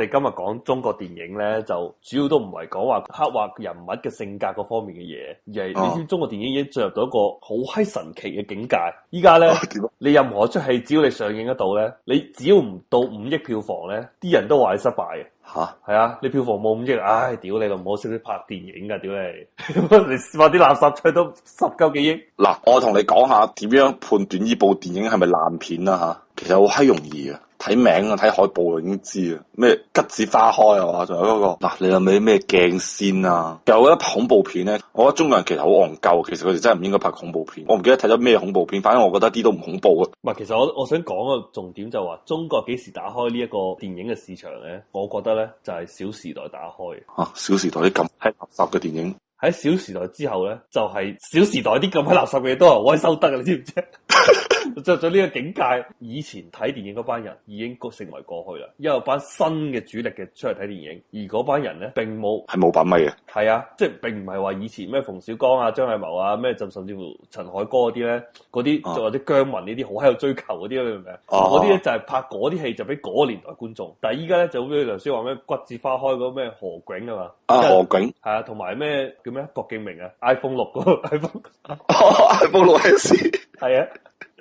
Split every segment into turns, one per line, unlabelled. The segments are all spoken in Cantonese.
我哋今日講中國電影咧，就主要都唔係講話刻畫人物嘅性格嗰方面嘅嘢，而係你知中國電影已經進入到一個好嗨神奇嘅境界。依家咧，啊、你任何出戲只要你上映得到咧，你只要唔到五億票房咧，啲人都話你失敗嘅。吓、啊，係啊，你票房冇五億，唉、哎，屌你咯，唔好識得拍電影噶，屌你， 你拍啲垃圾出到十九幾億。嗱，我同你講下
點樣判斷呢部電影係咪爛片啦、啊、吓，其實好嗨容易啊。睇名啊，睇海報啊，已經知啊。咩橘子花開啊，仲有嗰個。嗱，你有冇咩鏡先啊？有啲恐怖片咧，我覺得中國人其實好戇鳩，其實佢哋真係唔應該拍恐怖片。我唔記得睇咗咩恐怖片，反正我覺得一啲都唔恐怖啊。
唔係，其實我我想講個重點就係話，中國幾時打開呢一個電影嘅市場咧？我覺得咧就係小時代打開。
嚇，小時代啲咁閪垃圾嘅電影。
喺小時代之後咧，就係小時代啲咁閪垃圾嘅嘢都係我收得嘅，你知唔知？ 就咗呢個境界，以前睇電影嗰班人已經過成為過去啦。因為有班新嘅主力嘅出嚟睇電影，而嗰班人咧並冇係冇品味嘅。係啊，即係並唔係話以前咩馮小剛啊、張藝謀啊，咩就甚至乎陳凱歌嗰啲咧，嗰啲就或者姜文呢啲好喺度追求嗰啲啦，你明唔明啊？嗰啲咧就係、是、拍嗰啲戲就俾嗰個年代觀眾，但係依家咧就好似頭先話咩栀子花開嗰咩何炅啊嘛，何炅係啊，同埋咩叫咩郭敬明啊 iPhone 六個 iPhone iPhone 六 S 係啊。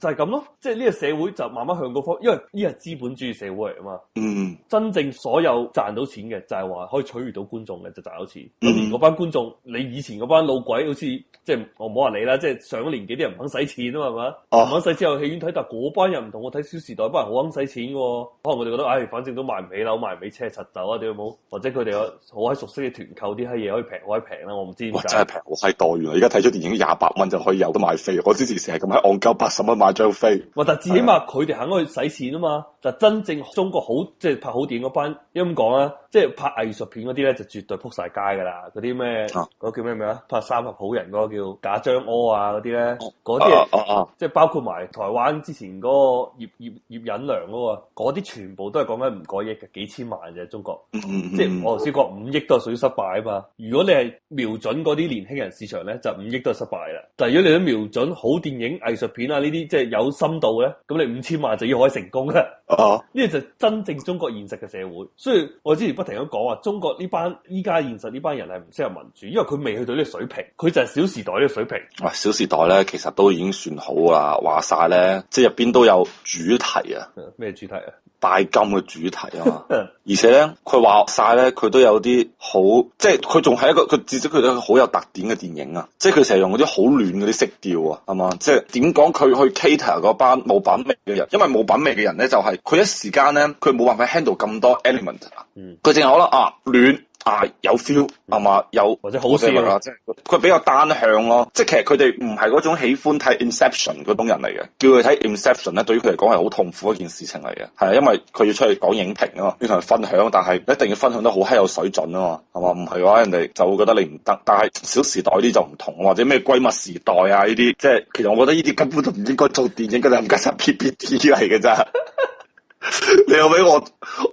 就係咁咯，即係呢個社會就慢慢向嗰方向，因為呢個係資本主義社會嚟啊嘛。嗯，真正所有賺到錢嘅就係、是、話可以取悅到觀眾嘅就賺到錢。咁嗰、嗯、班觀眾，你以前嗰班老鬼好似即係我唔好話你啦，即係上年紀啲人唔肯使錢啊嘛，唔、啊、肯使之後戲院睇，但嗰班人唔同，我睇《小時代》班人好肯使錢嘅、哦，可能我哋覺得唉、哎，反正都買唔起樓，買唔起車，實走啊屌冇，或者佢哋好喺熟悉嘅團購啲閪嘢可以平可以平啦，我唔知。哇！真係平
好閪多，原來而家睇咗電影廿八蚊就可以有得買飛，我之前成日咁喺按交八十蚊買。張飛，
我但至起碼佢哋肯去使錢啊嘛，就真正中國好即係拍好電影嗰班，因為咁講啊？即係拍藝術片嗰啲咧，就絕對撲晒街噶啦！嗰啲咩嗰個叫咩咩？啊？拍《三峽好人、那個》嗰個叫賈樟柯啊嗰啲咧，嗰啲即係包括埋台灣之前嗰個葉葉葉引良嗰個，嗰啲全部都係講緊唔過億嘅，幾千萬嘅中國即係我先講五億都係屬於失敗啊嘛！如果你係瞄準嗰啲年輕人市場咧，就五億都係失敗啦。但係如果你都瞄準好電影、藝術片啊呢啲，即係有深度咧，咁你五千萬就要可以成功啦。呢個就真正中國現實嘅社會。所以我之前不。成日講啊，中國呢班依家現實呢班人係唔適合民主，因為佢未去到呢個水平，佢就係小時代嘅水平。
哇，啊！小時代咧其實都已經算好啦，話晒咧即係入邊都有主題啊。
咩主題啊？
拜金嘅主題啊嘛， 而且咧佢話晒咧佢都有啲好，即係佢仲係一個佢至少佢都係一個好有特點嘅電影啊！即係佢成日用嗰啲好暖嗰啲色調啊，係嘛？即係點講佢去 cater 嗰班冇品味嘅人，因為冇品味嘅人咧就係、是、佢一時間咧佢冇辦法 handle 咁多 element 啊，佢淨係好啦啊暖。啊，有 feel，係嘛？有或者好笑啊！即係佢比較單向咯，即係其實佢哋唔係嗰種喜歡睇 Inception 嗰種人嚟嘅。叫佢睇 Inception 咧，對於佢嚟講係好痛苦一件事情嚟嘅。係啊，因為佢要出去講影評啊嘛，要同佢分享，但係一定要分享得好閪有水準啊嘛，係嘛？唔係嘅話，人哋就會覺得你唔得。但係小時代啲就唔同，或者咩閨蜜時代啊呢啲，即係其實我覺得呢啲根本都唔應該做電影，嗰啲係緊係 PPT 嚟嘅咋。 你又俾我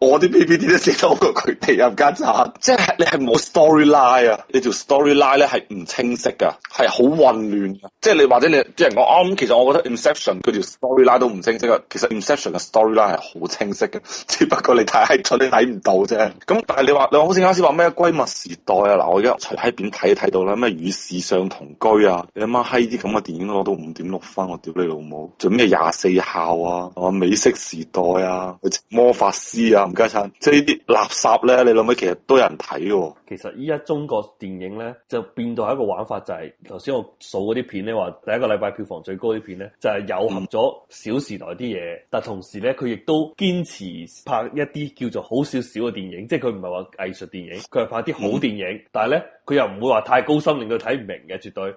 我啲 PPT 都寫多過佢哋啊！更加即係你係冇 storyline 啊！你條 storyline 咧，係唔清晰噶，係好混亂嘅。即係你或者你啲人講啊，咁、哦、其實我覺得 Inception 佢條 storyline 都唔清晰啊。其實 Inception 嘅 storyline 係好清晰嘅，只不過你睇閪出，你睇唔到啫。咁但係你話你話好似啱先話咩閨蜜時代啊嗱，我而家隨喺邊睇睇到啦咩與時尚同居啊，你阿媽閪啲咁嘅電影攞到五點六分，我屌你老母！做咩廿四孝啊？啊美式時代啊？啊，魔法師啊，唔該曬，即係呢啲垃圾咧，你諗下，其實都有人睇喎。
其實依家中國電影咧，就變到一個玩法，就是，就係頭先我數嗰啲片咧，話第一個禮拜票房最高啲片咧，就係、是、融合咗小時代啲嘢，但同時咧，佢亦都堅持拍一啲叫做好少少嘅電影，即係佢唔係話藝術電影，佢係拍啲好電影，嗯、但係咧佢又唔會話太高深，令到睇唔明嘅，絕對。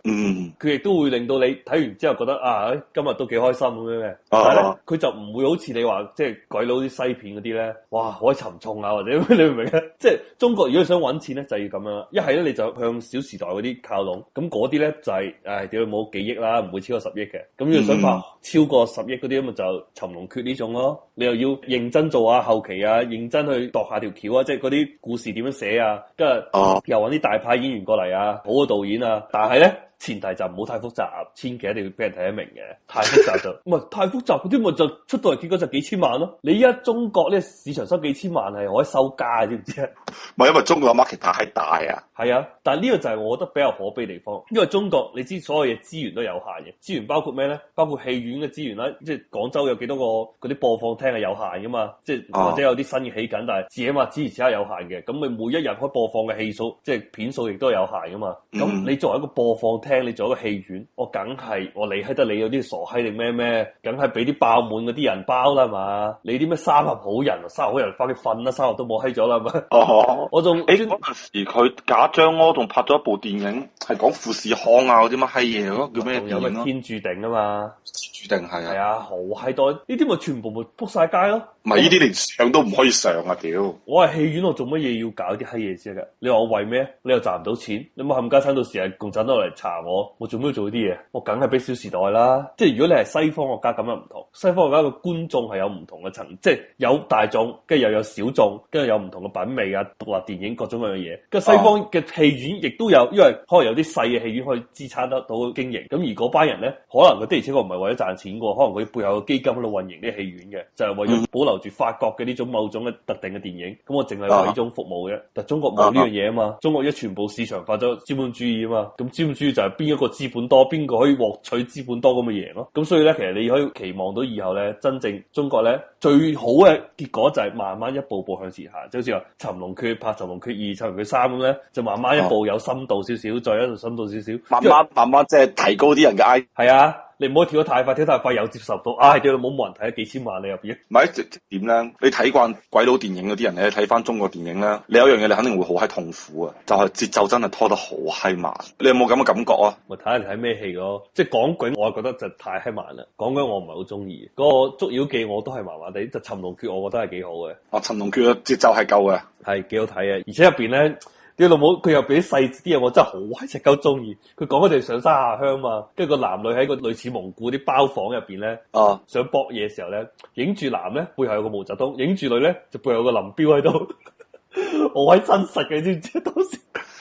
佢亦、嗯、都會令到你睇完之後覺得啊，今日都幾開心咁樣嘅。什麼什麼但啊，啊。佢就唔會好似你話即係鬼佬啲西片嗰啲咧，哇好沉重啊，或者你唔明啊」就是，即係中國如果想揾錢咧。就要咁樣，一係咧你就向小時代嗰啲靠攏，咁嗰啲咧就係、是，唉屌，冇幾億啦，唔會超過十億嘅，咁要想拍超過十億嗰啲，咪就尋龍訣呢種咯，你又要認真做下後期啊，認真去度下條橋啊，即係嗰啲故事點樣寫啊，跟住又搵啲大牌演員過嚟啊，好嘅導演啊，但係咧。前提就唔好太複雜，千祈一定要俾人睇得明嘅。太複雜就唔係太複雜，嗰啲咪就出到嚟結果就幾千萬咯。你依家中國呢個市場收幾千萬係可以收家，知唔知啊？唔係因為中國嘅 market 太大啊。係啊，但係呢個就係我覺得比較可悲地方，因為中國你知所有嘢資源都有限嘅，資源包括咩咧？包括戲院嘅資源啦，即係廣州有幾多個嗰啲播放廳係有限噶嘛？即係或者有啲新嘢起緊、啊，但係自己話資源其他有限嘅，咁你每一日可以播放嘅戲數，即係片數亦都有限噶嘛？咁你，、嗯、你作為一個播放廳。聽你做一個戲院，我梗係我理閪得你有啲傻閪定咩咩，梗係俾啲爆滿嗰啲人包啦嘛。你啲咩三合好人，三合好人翻去瞓啦，三合都冇閪咗啦。嘛、哦。我仲誒嗰陣
時佢假裝咯仲拍咗一部電影，係講富士康啊嗰啲乜閪嘢咯，嗯、叫咩有天
注定啊嘛，注定係啊，係啊，好閪多呢啲咪全部咪撲晒街咯、啊。唔係呢啲連
上都唔可以上啊屌！
我係戲院，我做乜嘢要搞啲閪嘢先㗎？你話我為咩？你又賺唔到錢，你冇冚家鏟到時係共產黨嚟查？我我做咩要做啲嘢？我梗係俾小時代啦。即係如果你係西方國家咁樣唔同，西方國家嘅觀眾係有唔同嘅層，即係有大眾，跟住又有小眾，跟住有唔同嘅品味啊，獨立電影各種各樣嘢。跟西方嘅戲院亦都有，因為可能有啲細嘅戲院可以支撐得到經營。咁而嗰班人咧，可能佢的而且確唔係為咗賺錢嘅，可能佢背後嘅基金喺度運營啲戲院嘅，就係、是、為咗保留住法國嘅呢種某種嘅特定嘅電影。咁我淨係為呢種服務嘅，但中國冇呢樣嘢啊嘛，中國一全部市場化咗資本主義啊嘛，咁資本主義就是。誒，邊一個資本多，邊個可以獲取資本多咁嘅贏咯？咁所以咧，其實你可以期望到以後咧，真正中國咧最好嘅結果就係慢慢一步步向前行，就好似話《尋龍訣》拍《尋龍訣二》《尋龍訣三》咁咧，就慢慢一步有深度少少，哦、再一度深度少少，慢慢慢慢即係提高啲人嘅 IQ 係啊。你唔好跳得太快，跳得太快又接受到。唉、啊，屌，冇冇人睇咗幾千萬你入邊？唔係
點咧？你睇慣鬼佬電影嗰啲人，你睇翻中國電影咧。你有一樣嘢你肯定會好嗨痛苦啊！就係、是、節奏真係拖得好嗨慢。你有冇咁嘅感覺啊？
咪睇下睇咩戲咯？即係港囧，我係覺得就太嗨慢啦。港囧我唔係好中意。嗰個捉妖記我都係麻麻地。就尋龍訣我覺得係幾好嘅。哦、啊，尋龍訣嘅節奏係夠嘅，係幾好睇啊。而且入邊咧。你老母佢又俾啲細節啲嘢，我真係好鬼，死鳩中意。佢講嗰陣上山下鄉嘛，跟住個男女喺個類似蒙古啲包房入邊咧，啊，想搏嘢嘅時候咧，影住男咧背後有個毛澤東，影住女咧就背後有個林彪喺度， 我閪真實嘅，知唔知當時？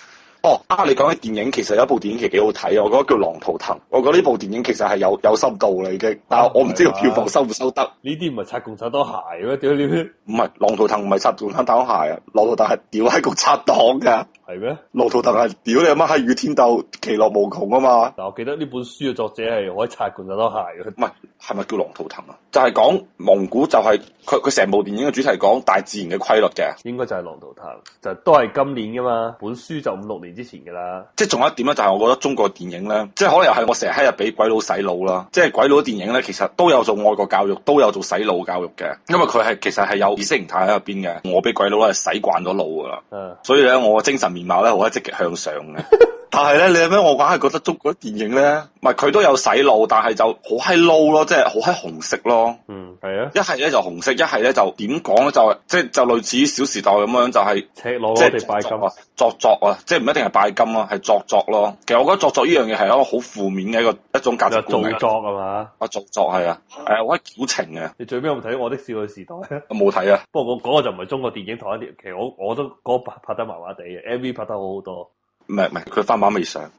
哦，啊！你講起電影，其實有一部電影其實幾好睇啊！我覺得叫《狼圖騰》，我覺得呢部電影其實係有有深度啦已經，但係我唔知個票房收唔收得。
呢啲唔係擦共產黨
鞋咩？屌你！唔係《狼圖騰》，唔係擦共產黨鞋啊，《狼圖騰》係屌喺共產黨㗎。係咩？《狼圖騰》係屌嗎你阿媽，係與天鬥，其樂無窮啊嘛！嗱，我記得呢本書嘅作
者係可以擦共產黨鞋嘅。唔係，係咪叫狼《狼圖騰》啊？就係
講蒙古，就是，就係佢佢成部電影嘅主題講大自然嘅規律嘅，
應該就係《狼圖騰》。就是，都係今年噶嘛。本書就五六年之前噶啦。
即係仲有一點咧，就係我覺得中國電影咧，即係可能係我成日喺入俾鬼佬洗腦啦。即係鬼佬電影咧，其實都有做愛國教育，都有做洗腦教育嘅。因為佢係其實係有意識形態喺入邊嘅。我俾鬼佬係洗慣咗腦噶啦，啊、所以咧我精神面貌咧好積極向上嘅。 但係咧，你有咩？我梗係覺得中國嗰啲電影咧，唔係佢都有洗腦，但係就好閪 low 咯，即係好閪紅色咯。嗯，係啊。一係咧就紅色，一係咧就點講咧？就即係就，就類似於《小時代》咁樣，就係、是、赤裸嗰地拜金啊，作作啊，即係唔一定係拜金咯，係作作咯。其實我覺得作作呢樣嘢係一個好負面嘅一個一種價值觀作作、
啊、係嘛？啊，作作係啊，係啊，好閪矯情嘅。你最尾有冇睇《我的少女時代？》 冇睇啊。不過我嗰個就唔係中國電影台一啲。其實我我都嗰拍、那個、拍得麻麻地嘅 MV、v、拍得好好多。
唔係唔係，佢翻版未上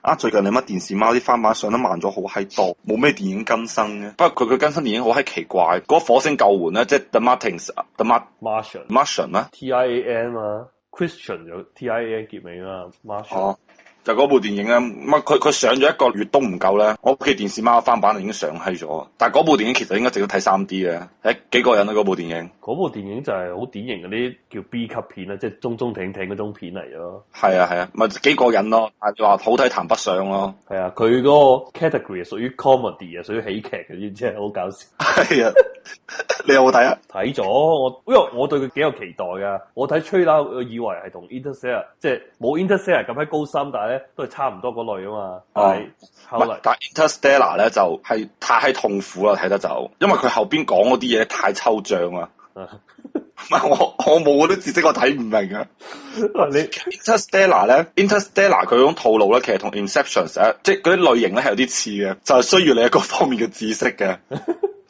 啊！最近你乜電視貓啲翻版上得慢咗好閪多，冇咩電影更新嘅。不過佢佢更新電影好閪奇怪，嗰火星救援咧，即係 The Martins，The Mart Martian，Martian 啦，T
I A N 啊，Christian 有 T I A N 結尾啦，Martian。
就嗰部電影啊，乜佢佢上咗一個月都唔夠咧，我屋企電視貓翻版已經上閪咗。但係嗰部電影其實應該值得睇三 D 嘅，誒、啊，幾過癮啊嗰部電影。
嗰部電影就係好典型嗰啲叫 B 級片,、就是、中中艇艇片啊，即係中中挺挺嗰種片嚟咯。係啊係啊，咪、就是、幾過癮咯，但係話好睇談不上咯。係啊，佢嗰個 category 係屬於 comedy 啊，屬於喜劇嘅，即係好搞笑。係啊。你有冇睇啊？睇咗我，因為我對佢幾有期待㗎。我睇《吹拉》，以為係同《Interstellar》，即係冇《Interstellar》咁喺高深，但係咧都係差唔多嗰類啊嘛。哦、啊來，但 Inter 呢《
Interstellar、就是》咧就係太痛苦啦，睇得就，因為佢後邊講嗰啲嘢太抽象啊。唔係 我我冇嗰啲知識，我睇唔明啊。 你《Interstellar》咧，《Interstellar》佢嗰種套路咧，其實同《Inception》啊，即係嗰啲類型咧係有啲似嘅，就係、是、需要你各方面嘅知識嘅。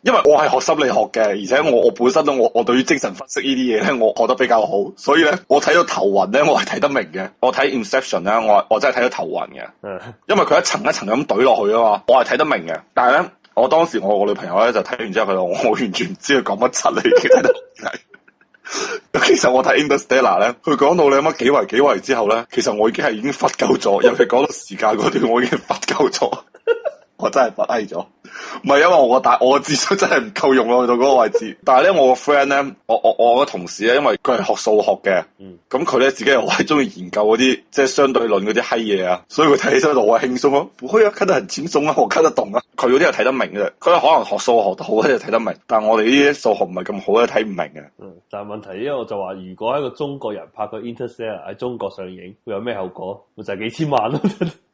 因為我係學心理學嘅，而且我我本身咧，我我對於精神分析呢啲嘢咧，我學得比較好，所以咧我睇到頭暈咧，我係睇得明嘅。我睇 Inception 咧，我我真係睇到頭暈嘅。因為佢一層一層咁懟落去啊嘛，我係睇得明嘅。但係咧，我當時我個女朋友咧就睇完之後，佢話我完全唔知佢講乜七嚟嘅。 其實我睇 Interstellar 咧，佢講到你乜幾維幾維之後咧，其實我已經係已經發夠咗， 尤其講到時間嗰段我已經發夠咗，我真係發翳咗。唔係，因為我個大，我個智商真係唔夠用咯，去到嗰個位置。但係咧，我個 friend 咧，我我我個同事咧，因為佢係學數學嘅，咁佢咧自己又我係中意研究嗰啲即係相對論嗰啲閪嘢啊，所以佢睇起身，嗯、就我係輕鬆咯。唔去啊，cut 得人輕鬆啊，我 cut 得動啊。佢嗰啲又睇得明嘅，佢可能學數學，學得好咧就睇得明，但係我哋呢啲數學唔係咁好咧睇唔明嘅。
但係問題，因為我就話，如果一個中國人拍個 Interstellar 喺中國上映，會有咩後果？就係、是，幾千萬咯。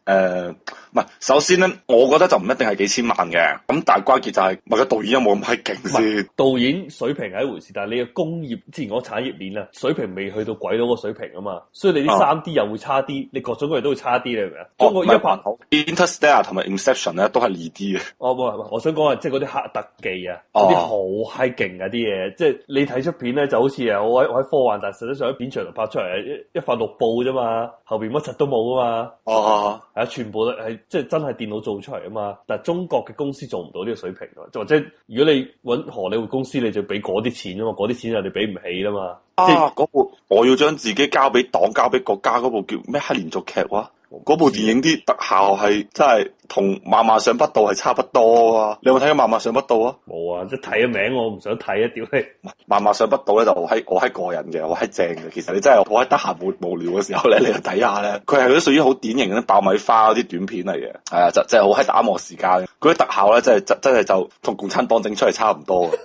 誒，唔係，首先咧，我覺得就唔一定係幾千萬嘅。 啊咁但係關鍵就係、是，咪個導演有冇咁閪勁先？
導演水平係一回事，但係你嘅工業，之前嗰個產業鏈啊，水平未去到鬼佬個水平啊嘛，所以你啲三 D、啊、又會差啲，你各種各樣都會差啲嚟，咪啊？哦、中國拍、哦、Inter
一拍好，Interstellar 同埋 Inception 咧都係二 D 啊。
我我想講係即係嗰啲黑特技啊，嗰啲好閪勁啊啲嘢，即係、就是、你睇出片咧就好似啊，我喺我喺科幻，但係實際上喺片場度拍出嚟一一塊綠布啫嘛，後邊乜柒都冇啊嘛。哦，係啊，全部都係即係真係電腦做出嚟啊嘛，但係中國嘅公司。先做唔到呢個水平咯，或者如果你揾荷里活公司，你就俾嗰啲錢，錢啊嘛，嗰啲錢又你俾唔起啊嘛。即
係、那個我要將自己交俾黨，交俾國家。嗰部叫咩黑連續劇喎、啊？嗰部電影啲特效係真係同《萬萬想不到》係差不多啊！你有冇睇過《萬萬想不到》啊？
冇啊！即係睇咗名我、啊漫漫，我唔想睇一屌你！
《萬萬想不到》咧就我係我係過癮嘅，我係正嘅。其實你真係我喺得閒無無聊嘅時候咧，你去睇下咧，佢係嗰啲屬於好典型嗰啲爆米花嗰啲短片嚟嘅。係啊，就真係好喺打磨時間。佢啲特效咧真係真真係就同共產黨整出嚟差唔多。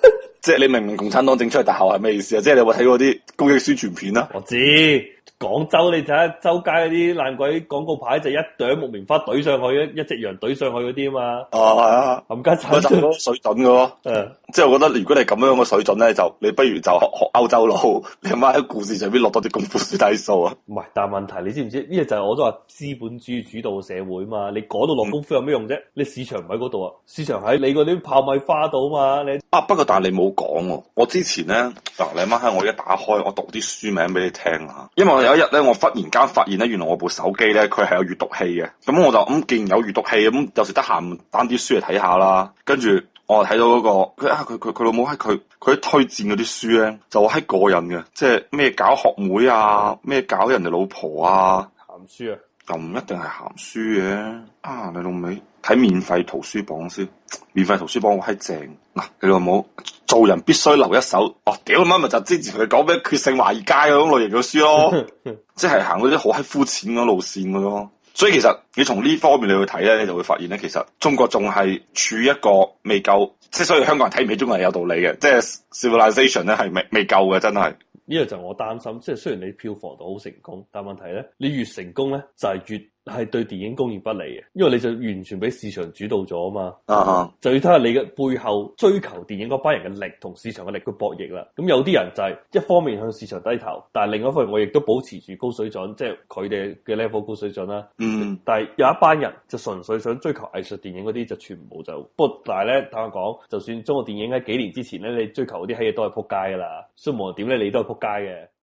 即係你明唔明共產
黨整出嚟，大校係咩意思啊？即係你有冇睇過啲公益宣傳片啊？我知。廣州，你睇下周街嗰啲爛鬼廣告牌就一朵木棉花懟上去，一一隻羊懟上去嗰啲啊嘛，啊，冚家鏟，冇
水準噶咯，啊、
即
係我覺得如果你咁樣嘅水準咧，就你不如就學學歐洲佬，啊、你阿媽喺故事上邊落多啲功夫算底數啊，唔係，但係問
題你知唔知？呢個就係我都話資本主義主導嘅社會啊嘛，你講到落功夫有咩用啫？嗯、你市場唔喺嗰度啊，市場喺你嗰啲泡米花度啊嘛，你啊，不過但係你冇講喎，我之
前咧，嗱，你阿媽喺我而家打開，我讀啲書名俾你聽啊，因為。我有一日咧，我忽然間發現咧，原來我部手機咧，佢係有閲讀器嘅。咁我就咁，既然有閲讀器咁，有時得閒單啲書嚟睇下啦。跟住我睇到嗰個，佢啊佢佢佢老母喺佢，佢推薦嗰啲書咧，就係個人嘅，即係咩搞學妹啊，咩搞人哋老婆啊，鹹書啊。又唔一定係鹹書嘅，啊！你老味睇免費圖書榜先，免費圖書榜我閪正嗱、啊，你老母做人必須留一手，哦！屌你媽咪就直接同你講咩，血腥華爾街嗰種類型嘅書咯， 即係行嗰啲好閪膚淺嘅路線㗎咯。所以其實你從呢方面你去睇咧，你就會發現咧，其實中國仲係處於一個未夠，即係所以香港人睇唔起中國人係有道理嘅，即係 civilization 咧係未未夠嘅，真係。
呢個就係我擔心，即係雖然你票房都好成功，但問題咧，你越成功咧，就係越係對電影工業不利嘅，因為你就完全俾市場主導咗啊嘛。啊、uh huh. 就要睇下你嘅背後追求電影嗰班人嘅力同市場嘅力，都博弈啦。咁有啲人就係一方面向市場低頭，但係另一方面我亦都保持住高水準，即係佢哋嘅 level 高水準啦。嗯、uh，huh. 但係有一班人就純粹想追求藝術電影嗰啲，就全部就不過但係咧。坦白講，就算中國電影喺幾年之前咧，你追求嗰啲戲都係撲街噶啦，所以無論點咧，你都係撲街嘅。